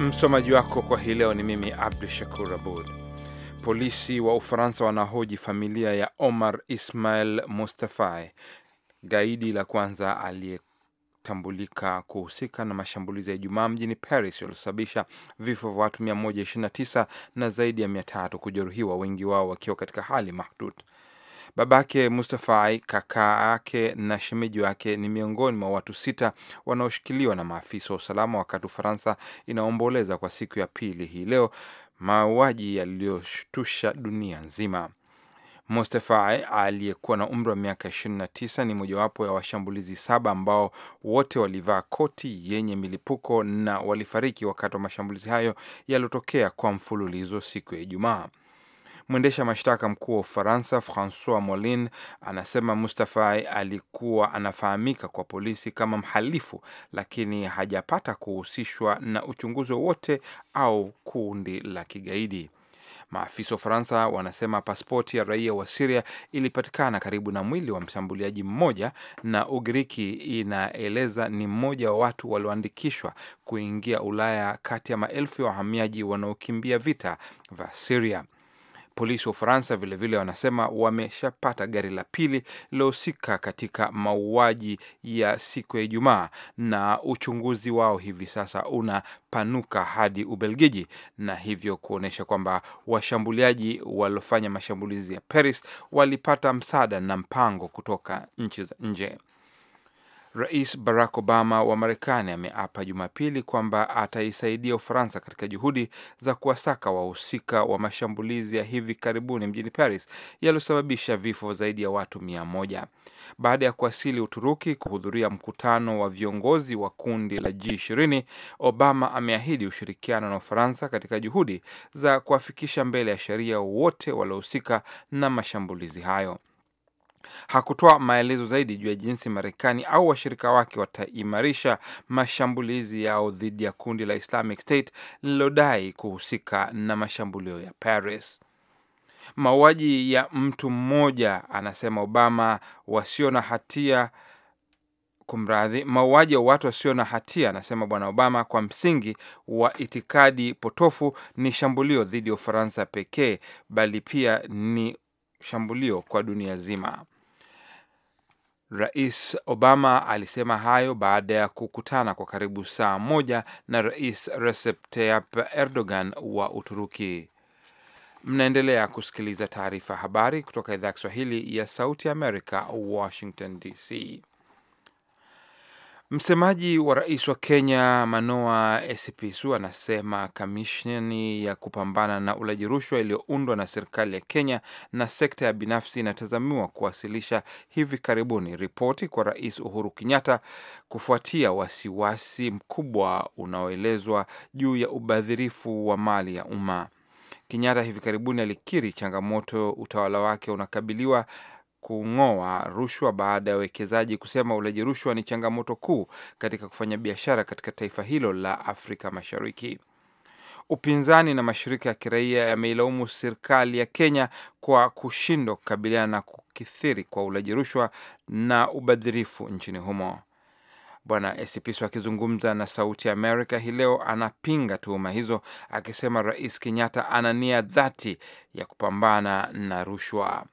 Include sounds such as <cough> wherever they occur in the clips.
Msomaji wako kwa hii leo ni mimi Abdu Shakur Abud. Polisi wa Ufaransa wanahoji familia ya Omar Ismail Mustafai, gaidi la kwanza aliyetambulika kuhusika na mashambulizi ya Ijumaa mjini Paris yaliosababisha vifo vya watu 129 na zaidi ya 300 kujeruhiwa, wengi wao wakiwa katika hali mahdut. Babake Ai, kaka yake na shemeji wake ni miongoni mwa watu sita wanaoshikiliwa na maafisa wa usalama, wakati Ufaransa inaomboleza kwa siku ya pili hii leo mauaji yaliyoshtusha dunia nzima. Mustafa aliyekuwa na umri wa miaka 29 ni mojawapo ya washambulizi saba ambao wote walivaa koti yenye milipuko na walifariki wakati wa mashambulizi hayo yaliyotokea kwa mfululizo siku ya Ijumaa. Mwendesha mashtaka mkuu wa Ufaransa Francois Molin anasema Mustafai alikuwa anafahamika kwa polisi kama mhalifu, lakini hajapata kuhusishwa na uchunguzi wowote au kundi la kigaidi. Maafisa wa Ufaransa wanasema paspoti ya raia wa Siria ilipatikana karibu na mwili wa mshambuliaji mmoja, na Ugiriki inaeleza ni mmoja wa watu walioandikishwa kuingia Ulaya kati ya maelfu ya wahamiaji wanaokimbia vita vya Siria. Polisi wa Ufaransa vilevile wanasema wameshapata gari la pili lilohusika katika mauaji ya siku ya Ijumaa, na uchunguzi wao hivi sasa unapanuka hadi Ubelgiji, na hivyo kuonyesha kwamba washambuliaji waliofanya mashambulizi ya Paris walipata msaada na mpango kutoka nchi za nje. Rais Barack Obama wa Marekani ameapa Jumapili kwamba ataisaidia Ufaransa katika juhudi za kuwasaka wahusika wa mashambulizi ya hivi karibuni mjini Paris yaliyosababisha vifo zaidi ya watu mia moja. Baada ya kuwasili Uturuki kuhudhuria mkutano wa viongozi wa kundi la G20, Obama ameahidi ushirikiano na Ufaransa katika juhudi za kuwafikisha mbele ya sheria wote waliohusika na mashambulizi hayo. Hakutoa maelezo zaidi juu ya jinsi Marekani au washirika wake wataimarisha mashambulizi yao dhidi ya kundi la Islamic State lililodai kuhusika na mashambulio ya Paris. Mauaji ya mtu mmoja, anasema Obama, wasio na hatia Kumradhi, mauaji ya watu wasio na hatia, anasema bwana Obama, kwa msingi wa itikadi potofu ni shambulio dhidi ya Ufaransa pekee, bali pia ni shambulio kwa dunia zima. Rais Obama alisema hayo baada ya kukutana kwa karibu saa moja na Rais Recep Tayyip Erdogan wa Uturuki. Mnaendelea kusikiliza taarifa habari kutoka idhaa ya Kiswahili ya Sauti ya Amerika, Washington DC. Msemaji wa rais wa Kenya Manoa Esipisu anasema kamisheni ya kupambana na ulaji rushwa iliyoundwa na serikali ya Kenya na sekta ya binafsi inatazamiwa kuwasilisha hivi karibuni ripoti kwa Rais Uhuru Kenyatta kufuatia wasiwasi mkubwa unaoelezwa juu ya ubadhirifu wa mali ya umma. Kenyatta hivi karibuni alikiri changamoto utawala wake unakabiliwa kung'oa rushwa baada ya wawekezaji kusema ulaji rushwa ni changamoto kuu katika kufanya biashara katika taifa hilo la Afrika Mashariki. Upinzani na mashirika ya kiraia yameilaumu serikali ya Kenya kwa kushindwa kukabiliana na kukithiri kwa ulaji rushwa na ubadhirifu nchini humo. Bwana Esipiso akizungumza na Sauti ya Amerika hii leo anapinga tuhuma hizo, akisema Rais Kenyatta ana nia dhati ya kupambana na rushwa.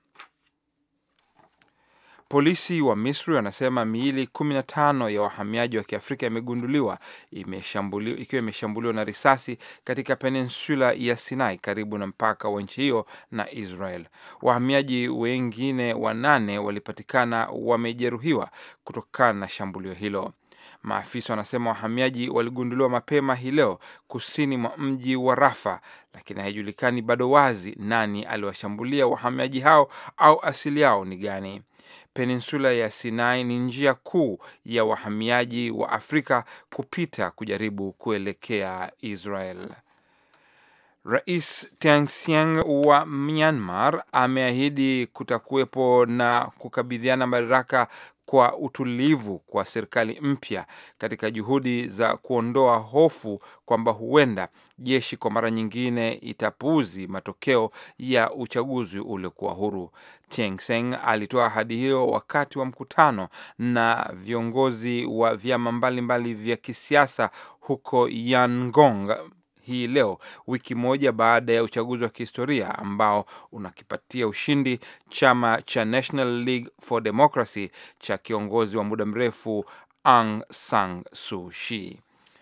Polisi wa Misri wanasema miili 15 ya wahamiaji wa Kiafrika imegunduliwa ikiwa imeshambuliwa na risasi katika peninsula ya Sinai karibu na mpaka wa nchi hiyo na Israel. Wahamiaji wengine wanane walipatikana wamejeruhiwa kutokana na shambulio hilo. Maafisa wanasema wahamiaji waligunduliwa mapema hii leo kusini mwa mji wa Rafa, lakini haijulikani bado wazi nani aliwashambulia wahamiaji hao au asili yao ni gani peninsula ya Sinai ni njia kuu ya wahamiaji wa Afrika kupita kujaribu kuelekea Israel. Rais Tang Sein wa Myanmar ameahidi kutakuwepo na kukabidhiana madaraka kwa utulivu kwa serikali mpya katika juhudi za kuondoa hofu kwamba huenda jeshi kwa mara nyingine itapuuzi matokeo ya uchaguzi uliokuwa huru. tieng seng alitoa ahadi hiyo wakati wa mkutano na viongozi wa vyama mbalimbali vya kisiasa huko Yangon, hii leo, wiki moja baada ya uchaguzi wa kihistoria ambao unakipatia ushindi chama cha National League for Democracy cha kiongozi wa muda mrefu Aung San Suu Kyi.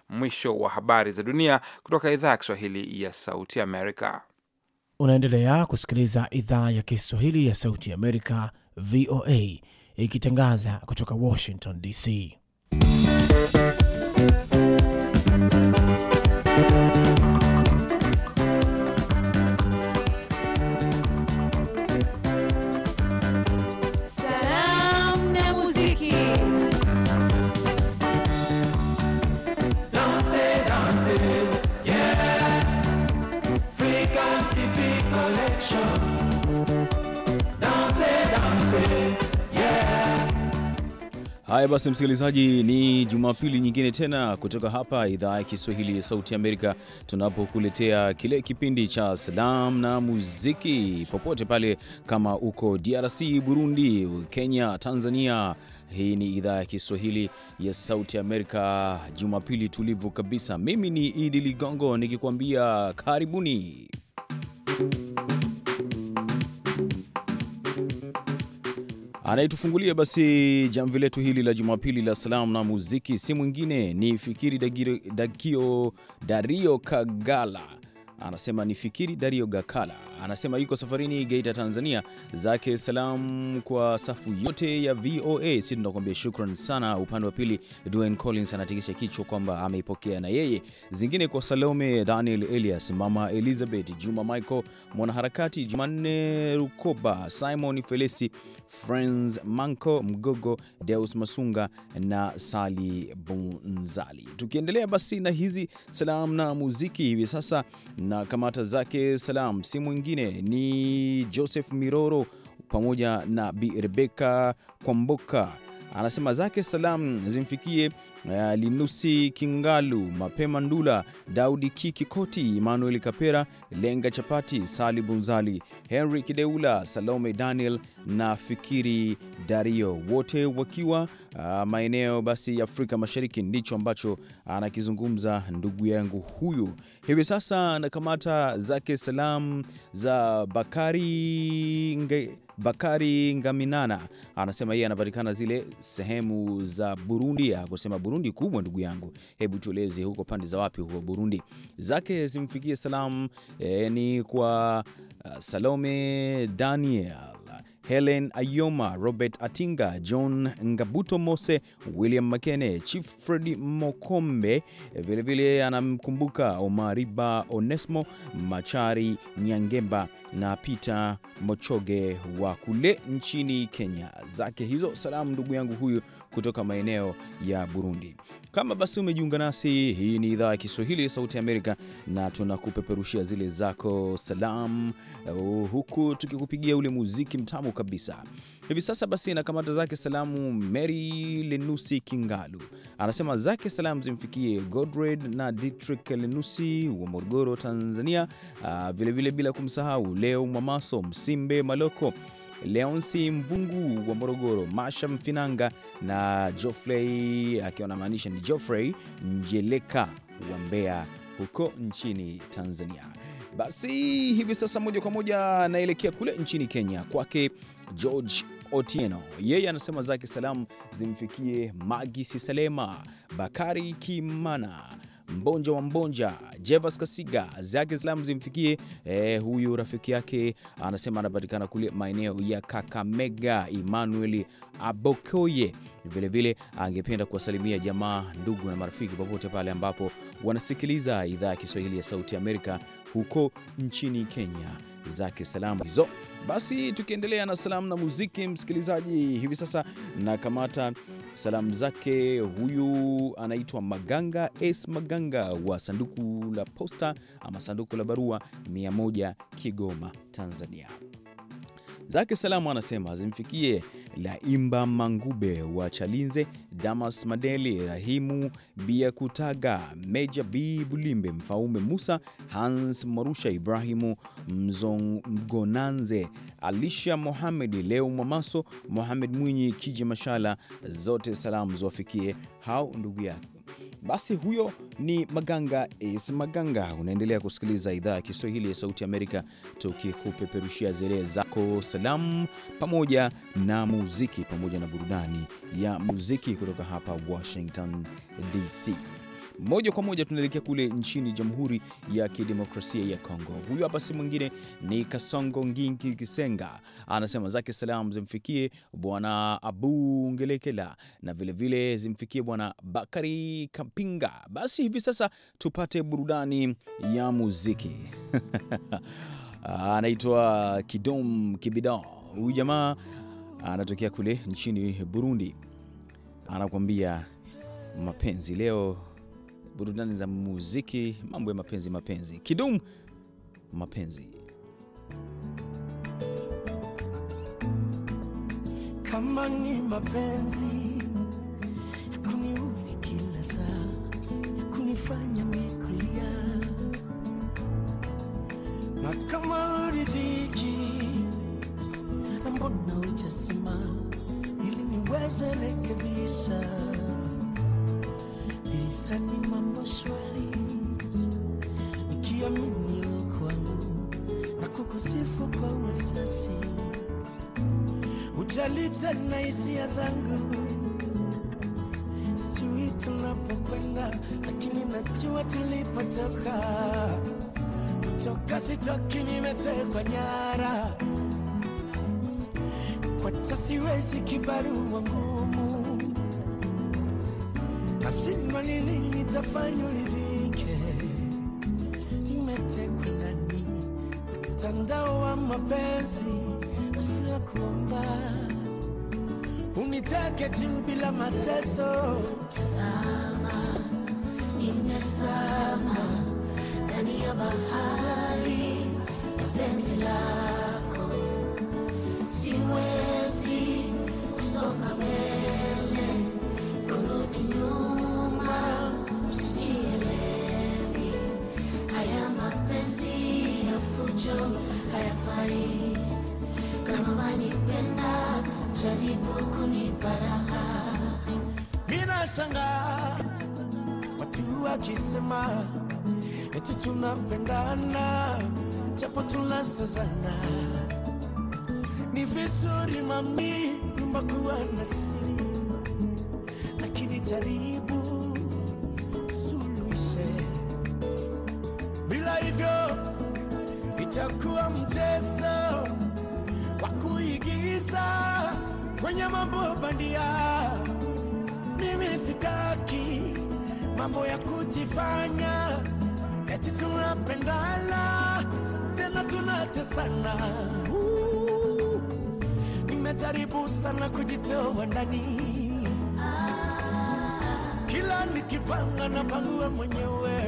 Mwisho wa habari za dunia kutoka idhaa ya Kiswahili ya Sauti Amerika. Unaendelea kusikiliza idhaa ya Kiswahili ya Sauti Amerika, VOA, ikitangaza kutoka Washington DC. Haya basi, msikilizaji, ni Jumapili nyingine tena kutoka hapa idhaa ya Kiswahili ya Sauti ya Amerika, tunapokuletea kile kipindi cha salamu na muziki popote pale, kama uko DRC, Burundi, Kenya, Tanzania. Hii ni idhaa ya Kiswahili ya Sauti Amerika, Jumapili tulivu kabisa. Mimi ni Idi Ligongo nikikwambia karibuni Anayetufungulia basi jamvi letu hili la Jumapili la salamu na muziki si mwingine ni Fikiri Dagiro, Dagio, Dario Kagala. Anasema ni Fikiri Dario Gakala anasema yuko safarini Geita, Tanzania, zake salamu kwa safu yote ya VOA. Si tunakuambia shukran sana. Upande wa pili, Dwayne Collins anatikisha kichwa kwamba ameipokea na yeye, zingine kwa Salome Daniel, Elias, mama Elizabeth, Juma Michael, mwanaharakati Jumanne Rukoba, Simon Felesi, Friends Manco Mgogo, Deus Masunga na Sali Bunzali. Tukiendelea basi na hizi salamu na muziki hivi sasa, na kamata zake salamu si mwingine wengine ni Joseph Miroro pamoja na Bi Rebeka Kwamboka. Anasema zake salamu zimfikie Eh, Linusi Kingalu, Mapema Ndula, Daudi Kikikoti, Emmanuel Kapera, Lenga Chapati, Sali Bunzali, Henry Kideula, Salome Daniel na Fikiri Dario, wote wakiwa ah, maeneo basi Afrika Mashariki. Ndicho ambacho anakizungumza ndugu yangu huyu hivi sasa. Anakamata zake salamu za Bakari Nge Bakari Ngaminana anasema yeye anapatikana zile sehemu za Burundi. akusema Burundi kubwa, ndugu yangu, hebu tueleze huko pande za wapi huko Burundi. Zake zimfikie salamu e, ni kwa uh, Salome Daniel Helen Ayoma, Robert Atinga, John Ngabuto Mose, William Makene, Chief Fredi Mokombe, vilevile anamkumbuka Omariba Onesmo Machari Nyangemba na Peter Mochoge wa kule nchini Kenya. Zake hizo salamu ndugu yangu huyu kutoka maeneo ya Burundi. Kama basi umejiunga nasi, hii ni idhaa ya Kiswahili ya Sauti Amerika na tunakupeperushia zile zako salam, uh, huku tukikupigia ule muziki mtamu kabisa. Hivi sasa basi na kamata zake salamu Mary Lenusi Kingalu anasema zake salamu zimfikie Godred na Dietrich Lenusi wa Morogoro, Tanzania, vilevile uh, bila kumsahau Leo Mwamaso Msimbe Maloko Leonsi Mvungu wa Morogoro, Masha Mfinanga na Geoffrey akiwa anamaanisha ni Geoffrey Njeleka wa Mbeya huko nchini Tanzania. Basi hivi sasa moja kwa moja naelekea kule nchini Kenya kwake George Otieno. Yeye anasema zake salamu zimfikie magi Sisalema, Bakari Kimana, Mbonja wa Mbonja, Jevas Kasiga zake salamu zimfikie eh, huyu rafiki yake anasema anapatikana kule maeneo ya Kakamega, Emmanuel Abokoye. Vilevile angependa kuwasalimia jamaa, ndugu na marafiki popote pale ambapo wanasikiliza idhaa ya Kiswahili ya Sauti Amerika huko nchini Kenya zake salamu hizo. Basi tukiendelea na salamu na muziki, msikilizaji, hivi sasa nakamata Salamu zake huyu anaitwa Maganga S Maganga wa sanduku la posta ama sanduku la barua 1 Kigoma, Tanzania. Zake salamu anasema zimfikie Laimba Mangube wa Chalinze, Damas Madeli, Rahimu Biakutaga, Meja B Bulimbe, Mfaume Musa, Hans Marusha, Ibrahimu Mgonanze, Alisha Mohamedi, Leo Mwamaso, Mohamed Mwinyi, Kiji Mashala, zote salamu ziwafikie hao ndugu yake. Basi huyo ni Maganga is Maganga. Unaendelea kusikiliza idhaa ya Kiswahili ya Sauti Amerika, tukikupeperushia zeree zako salamu pamoja na muziki pamoja na burudani ya muziki kutoka hapa Washington DC. Moja kwa moja tunaelekea kule nchini Jamhuri ya Kidemokrasia ya Kongo. Huyu hapa si mwingine ni Kasongo Ngingi Kisenga, anasema zake salamu zimfikie Bwana Abu Ngelekela na vilevile vile zimfikie Bwana Bakari Kampinga. Basi hivi sasa tupate burudani ya muziki <laughs> anaitwa Kidom Kibida. Huyu jamaa anatokea kule nchini Burundi, anakuambia mapenzi leo burudani za muziki, mambo ya mapenzi, mapenzi Kidum, mapenzi kama ni mapenzi ya kuniudhi kila saa, kunifanya mikulia na kama uridhiki na mbona ili niweze rekebisha ilithani swali nikiamini kwangu na kukusifu kwa uasasi, ujalita na hisia zangu, sijui tunapokwenda, lakini najua tulipotoka. Toka sitoki, nimetekwa nyara kwa cha siwezi wangu utafanya uridhike. Nimetekwa ndani mtandao wa mapenzi usina kuomba, unitake tu bila mateso. Sama nimesama ndani ya bahari mapenzi la tunapendana japo tunasazana, ni vizuri mami, nyumba kuwa na siri, lakini jaribu tusuluhishe, bila hivyo itakuwa mchezo wa kuigiza kwenye mambo bandia. Mimi sitaki mambo ya kujifanya asante sana. nimejaribu sana kujitoa ndani, kila nikipanga na pangua mwenyewe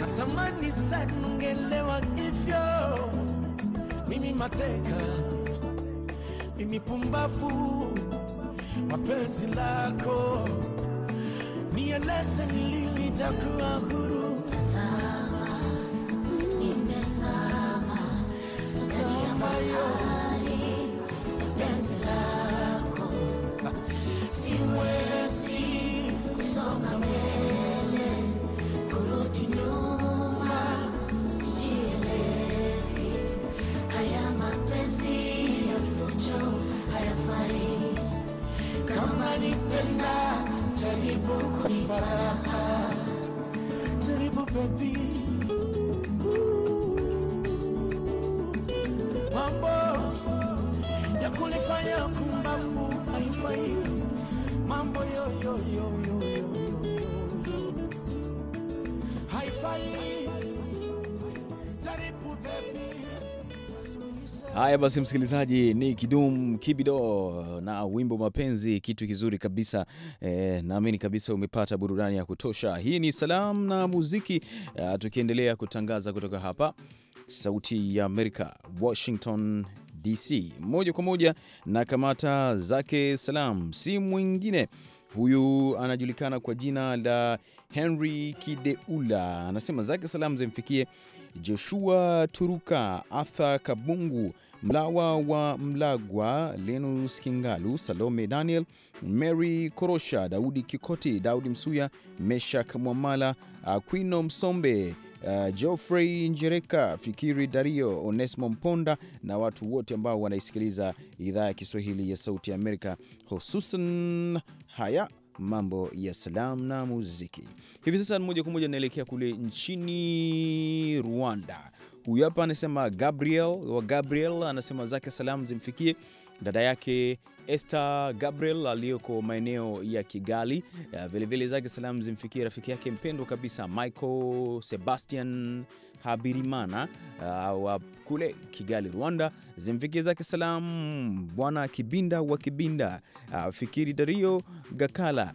natamani sana ungelewa hivyo. Mimi mateka, mimi pumbafu mapenzi lako, nieleze lini takuwa huru baby. Mambo ya kunifanya kumbafu haifai mambo yoyoyo yo, yo, yo. Haya basi, msikilizaji, ni Kidum Kibido na wimbo Mapenzi, kitu kizuri kabisa e, naamini kabisa umepata burudani ya kutosha. Hii ni salamu na muziki e, tukiendelea kutangaza kutoka hapa Sauti ya Amerika, Washington DC, moja kwa moja na kamata zake salam, si mwingine huyu anajulikana kwa jina la Henry Kideula, anasema zake salam zimfikie Joshua Turuka, Arthur Kabungu, Mlawa wa Mlagwa, Lenus Kingalu, Salome Daniel, Mary Korosha, Daudi Kikoti, Daudi Msuya, Meshak Mwamala, Aquino Msombe, Uh, Geoffrey Njereka, Fikiri Dario, Onesmo Mponda na watu wote ambao wanaisikiliza idhaa ya Kiswahili ya Sauti ya Amerika, hususan haya mambo ya salamu na muziki. Hivi sasa moja kwa moja naelekea kule nchini Rwanda Huyu hapa anasema Gabriel wa Gabriel anasema zake salamu zimfikie dada yake Esther Gabriel aliyoko maeneo ya Kigali. Vilevile eh, vile zake salamu zimfikie rafiki yake mpendwa kabisa Michael Sebastian Habirimana uh, wa kule Kigali, Rwanda. Zimfikie zake salamu bwana Kibinda wa Kibinda, uh, Fikiri Dario Gakala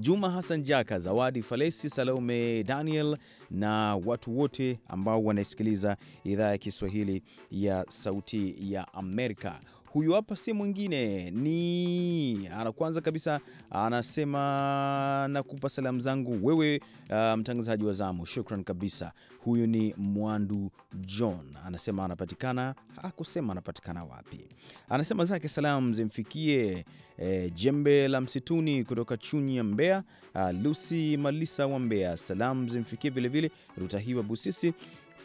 Juma Hassan Jaka, Zawadi Falesi, Salome Daniel na watu wote ambao wanaisikiliza idhaa ya Kiswahili ya Sauti ya Amerika. Huyu hapa si mwingine ni ana, kwanza kabisa anasema nakupa salamu zangu wewe, uh, mtangazaji wa zamu, shukran kabisa. Huyu ni Mwandu John, anasema anapatikana, hakusema anapatikana wapi. Anasema zake salamu zimfikie e, Jembe la Msituni kutoka Chunya, ya uh, ah, lusi Malisa wa mbea Salamu zimfikie vilevile Rutahiwa Busisi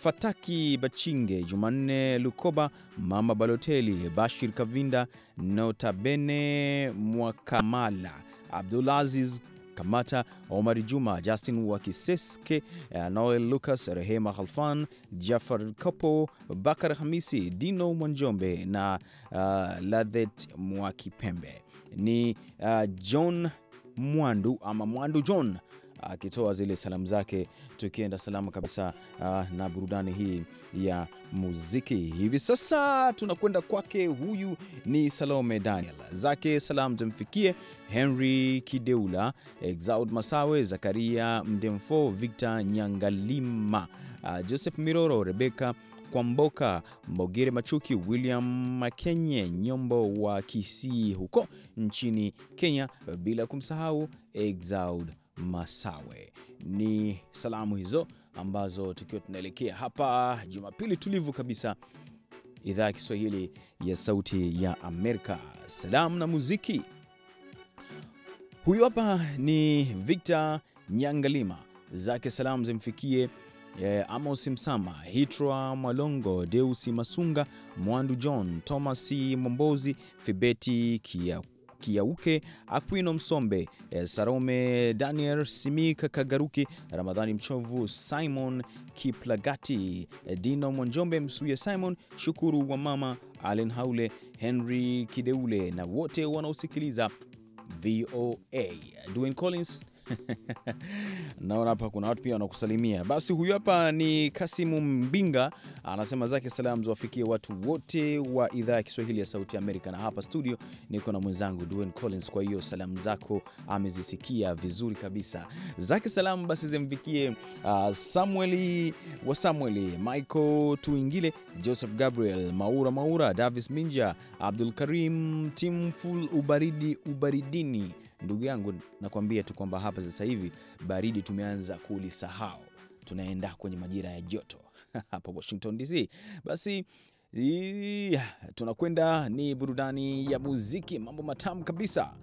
Fataki Bachinge, Jumanne Lukoba, Mama Baloteli, Bashir Kavinda, Notabene Mwakamala, Abdulaziz Kamata, omar Juma, Justin Wakiseske, eh, Noel Lucas, Rehema Khalfan, Jafar Kopo, Bakar Hamisi, Dino Mwanjombe na uh, eh, Ladhet Mwakipembe. Ni uh, John Mwandu ama Mwandu John akitoa zile salamu zake, tukienda salamu kabisa ah, na burudani hii ya muziki. Hivi sasa tunakwenda kwake, huyu ni Salome Daniel, zake salamu zimfikie Henry Kideula, Exaud Masawe, Zakaria Mdemfo, Victor Nyangalima, ah, Joseph Miroro, Rebeka Kwamboka Mbogere Machuki, William Makenye Nyombo wa Kisii huko nchini Kenya, bila kumsahau Exaud Masawe. Ni salamu hizo ambazo tukiwa tunaelekea hapa Jumapili tulivu kabisa, idhaa ya Kiswahili ya Sauti ya Amerika. Salamu na muziki, huyu hapa ni Victor Nyangalima, zake salamu zimfikie E, Amos Msama, Hitra Mwalongo, Deusi Masunga, Mwandu John, Thomas Mombozi, Fibeti Kia Kiauke, Aquino Msombe, eh, Sarome Daniel Simika Kagaruki, Ramadhani Mchovu, Simon Kiplagati, eh, Dino Mwanjombe, Msuya Simon, Shukuru wa Mama, Allen Haule, Henry Kideule na wote wanaosikiliza VOA. Dwayne Collins <laughs> naona hapa kuna watu pia wanakusalimia. Basi huyu hapa ni Kasimu Mbinga, anasema zake salamu ziwafikie watu wote wa idhaa ya Kiswahili ya Sauti Amerika, na hapa studio niko na mwenzangu Dwayne Collins. Kwa hiyo salamu zako amezisikia vizuri kabisa. Zake salamu basi zimfikie uh, Samuel wa Samuel, Michael Tuingile, Joseph Gabriel, Maura Maura, Davis Minja, Abdul Karim Timful, Ubaridi Ubaridini Ndugu yangu, nakwambia tu kwamba hapa sasa hivi baridi tumeanza kulisahau, tunaenda kwenye majira ya joto <laughs> hapa Washington DC. Basi tunakwenda ni burudani ya muziki, mambo matamu kabisa.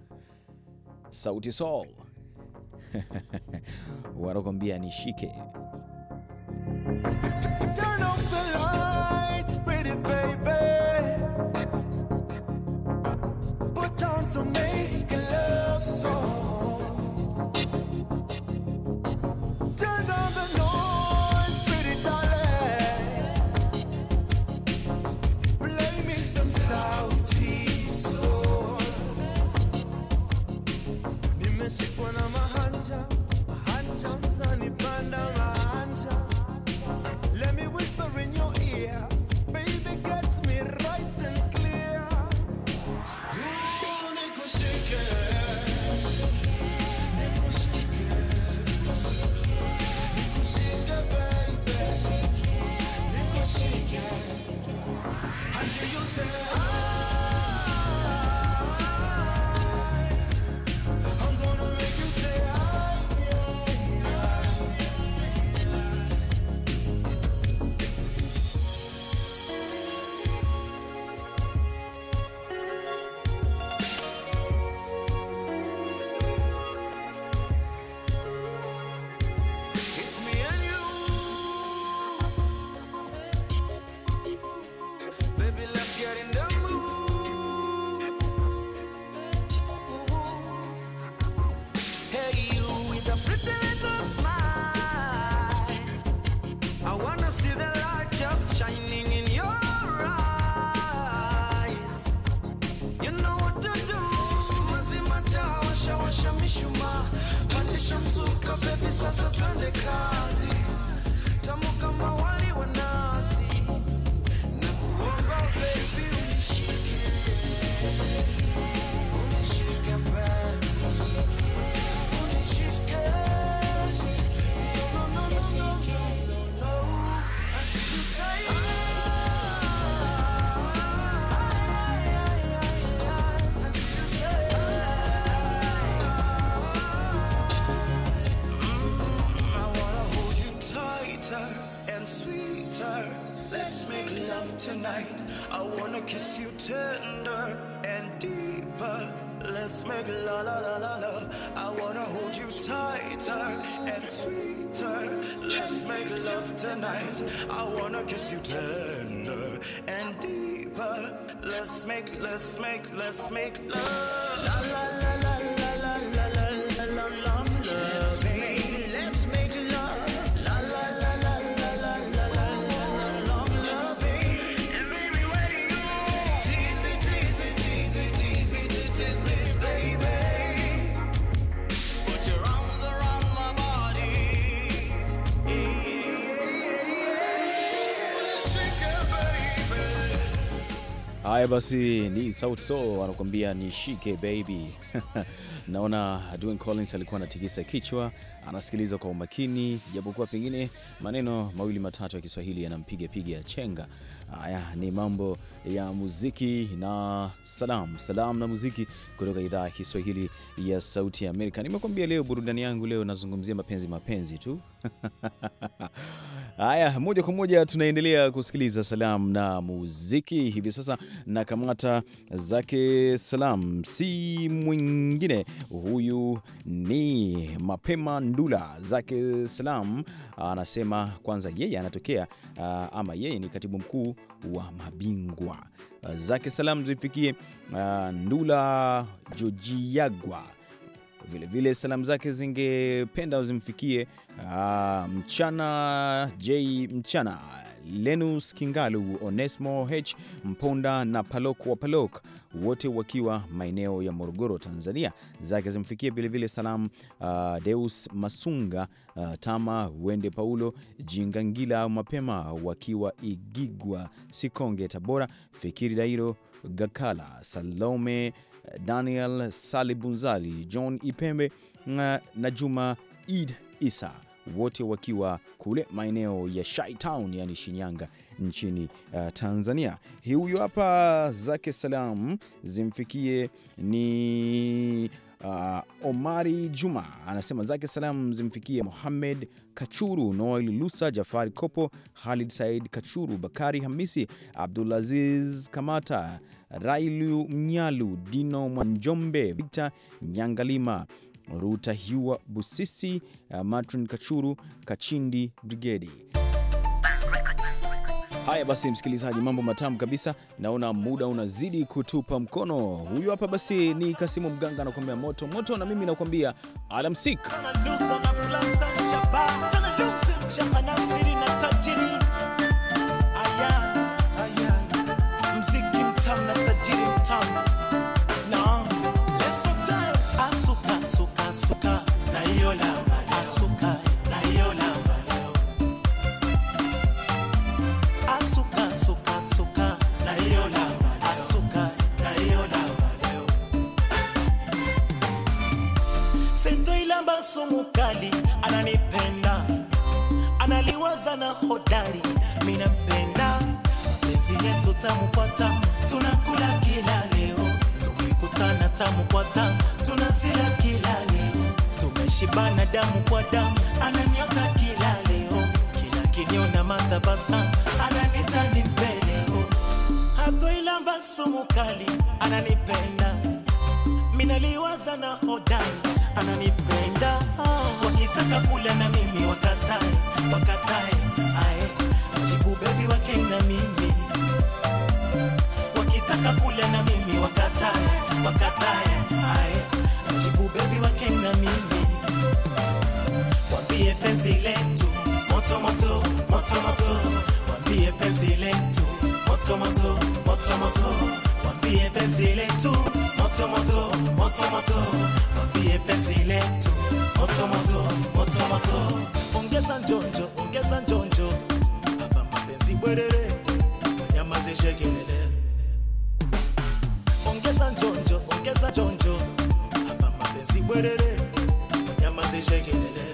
Sauti Sol <laughs> wanakuambia nishike gonna kiss you tender and deeper. Let's make, let's make, let's make love. La la la la. Haya basi, ni Sauti Sol anakuambia shike baby. <laughs> Naona Dwayne Collins alikuwa anatikisa kichwa, anasikiliza kwa umakini, japokuwa pengine maneno mawili matatu ya Kiswahili yanampiga piga chenga, Haya ni mambo ya muziki na salam salam na muziki kutoka idhaa ya Kiswahili ya Sauti ya Amerika. Nimekuambia leo burudani yangu leo nazungumzia mapenzi, mapenzi tu <laughs> Haya, moja kwa moja tunaendelea kusikiliza salamu na muziki hivi sasa, na kamata zake salam, si mwingine huyu ni mapema Ndula zake salam. Anasema kwanza yeye anatokea ah, ama yeye ni katibu mkuu wa mabingwa uh, zake. Salamu zifikie uh, Ndula Jojiagwa, vilevile salamu zake zingependa zimfikie uh, Mchana J Mchana, Lenus Kingalu, Onesmo H Mponda na Palok wa Palok wote wakiwa maeneo ya Morogoro, Tanzania. Zake zimfikia vilevile salamu uh, Deus Masunga, uh, Tama Wende, Paulo Jingangila Mapema wakiwa Igigwa, Sikonge, Tabora, Fikiri Dairo, Gakala, Salome Daniel Salibunzali, John Ipembe uh, na Juma Id Isa wote wakiwa kule maeneo ya Shai yani Shinyanga nchini uh, Tanzania. Hii huyu hapa zake salam zimfikie ni uh, Omari Juma anasema zake salam zimfikie muhamed Kachuru, Noel Lusa, Jafari Kopo, Khalid Said Kachuru, Bakari Hamisi, Abdulaziz Kamata, Railu Mnyalu, Dino Mwanjombe, Victor Nyangalima Rutahiwa Busisi, uh, Matrin Kachuru, Kachindi Brigedi. Haya basi, msikilizaji, mambo matamu kabisa. Naona muda unazidi kutupa mkono. Huyu hapa basi ni Kasimu Mganga anakuambia moto moto, na mimi nakuambia alamsika asuka suka ananipenda analiwaza na hodari mina mpenda yetu tamu tunakula kila leo tumekutana tamu kwa kila leo tumeshibana damu kwa damu ananiota akiniona matabasa ananita ni mpeleo hatoilamba sumu kali ananipenda minaliwaza na hodari ananipenda wakitaka kula na mimi wakatae wakatae ae ajibu bebi wake na mimi wakitaka kula na mimi wakatae wakatae ae ajibu bebi wake na mimi wambie penzi letu moto moto moto moto, mwambie penzi letu moto moto moto moto mwambie penzi letu moto moto moto moto mwambie penzi letu moto moto moto moto ongeza njonjo ongeza njonjo baba mapenzi bwerere mnyamazishe kelele ongeza njonjo ongeza njonjo hapa mapenzi bwerere mnyamazishe kelele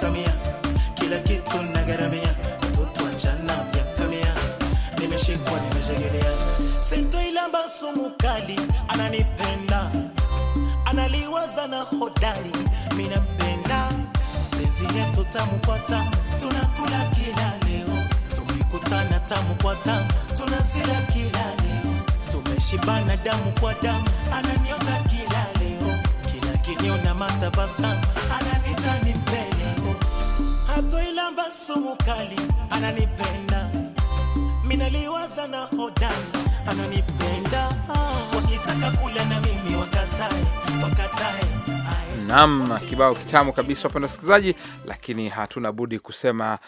kamia kila kitu nagaramia, mtoto achana vya kamia, nimeshikwa nimejegelea, ananipenda analiwaza na hodari, mina penzi yetu tamu tunakula kila leo, tumekutana tamu tunazila kila leo, tumeshibana damu kwa damu, ananiota kila leo akiniona matabasa ananita ni mpendo, hatoilamba sumu kali ananipenda, minaliwaza na hodani ananipenda, wakitaka kula na mimi wakatae, wakatae Nam, kibao kitamu kabisa wapenda wasikilizaji, lakini hatuna budi kusema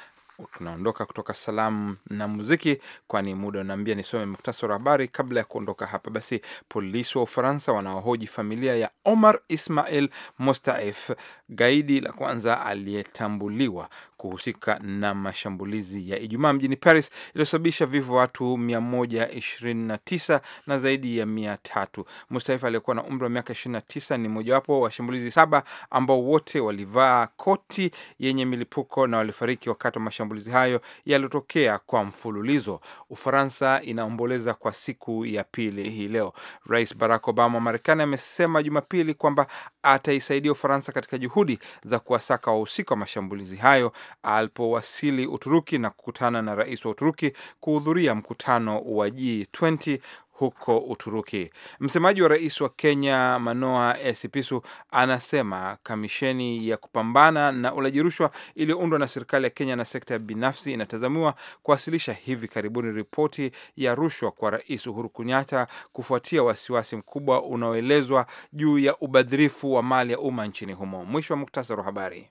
Tunaondoka kutoka salamu na muziki, kwani muda unaambia nisome muktasari wa habari kabla ya kuondoka hapa. Basi, polisi wa Ufaransa wanaohoji familia ya Omar Ismail Mostaef, gaidi la kwanza aliyetambuliwa kuhusika na mashambulizi ya Ijumaa mjini Paris iliyosababisha vifo watu 129 na zaidi ya 300. Mustaifa aliyekuwa na umri wa miaka 29 ni mojawapo washambulizi saba ambao wote walivaa koti yenye milipuko na walifariki wakati wa mashambulizi hayo yaliyotokea kwa mfululizo. Ufaransa inaomboleza kwa siku ya pili hii leo. Rais Barack Obama wa Marekani amesema Jumapili kwamba ataisaidia Ufaransa katika juhudi za kuwasaka wahusika wa mashambulizi hayo alipowasili Uturuki na kukutana na rais wa Uturuki kuhudhuria mkutano wa G20 huko Uturuki. Msemaji wa rais wa Kenya Manoa Esipisu anasema kamisheni ya kupambana na ulaji rushwa iliyoundwa na serikali ya Kenya na sekta ya binafsi inatazamiwa kuwasilisha hivi karibuni ripoti ya rushwa kwa Rais Uhuru Kenyatta kufuatia wasiwasi mkubwa unaoelezwa juu ya ubadhirifu wa mali ya umma nchini humo. Mwisho wa muktasari wa habari.